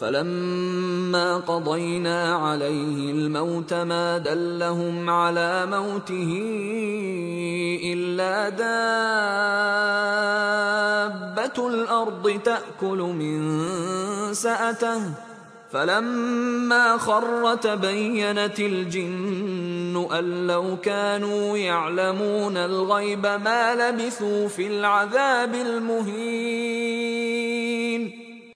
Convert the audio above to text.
فلما قضينا عليه الموت ما دلهم على موته الا دابه الارض تاكل من ساته فلما خر تبينت الجن ان لو كانوا يعلمون الغيب ما لبثوا في العذاب المهين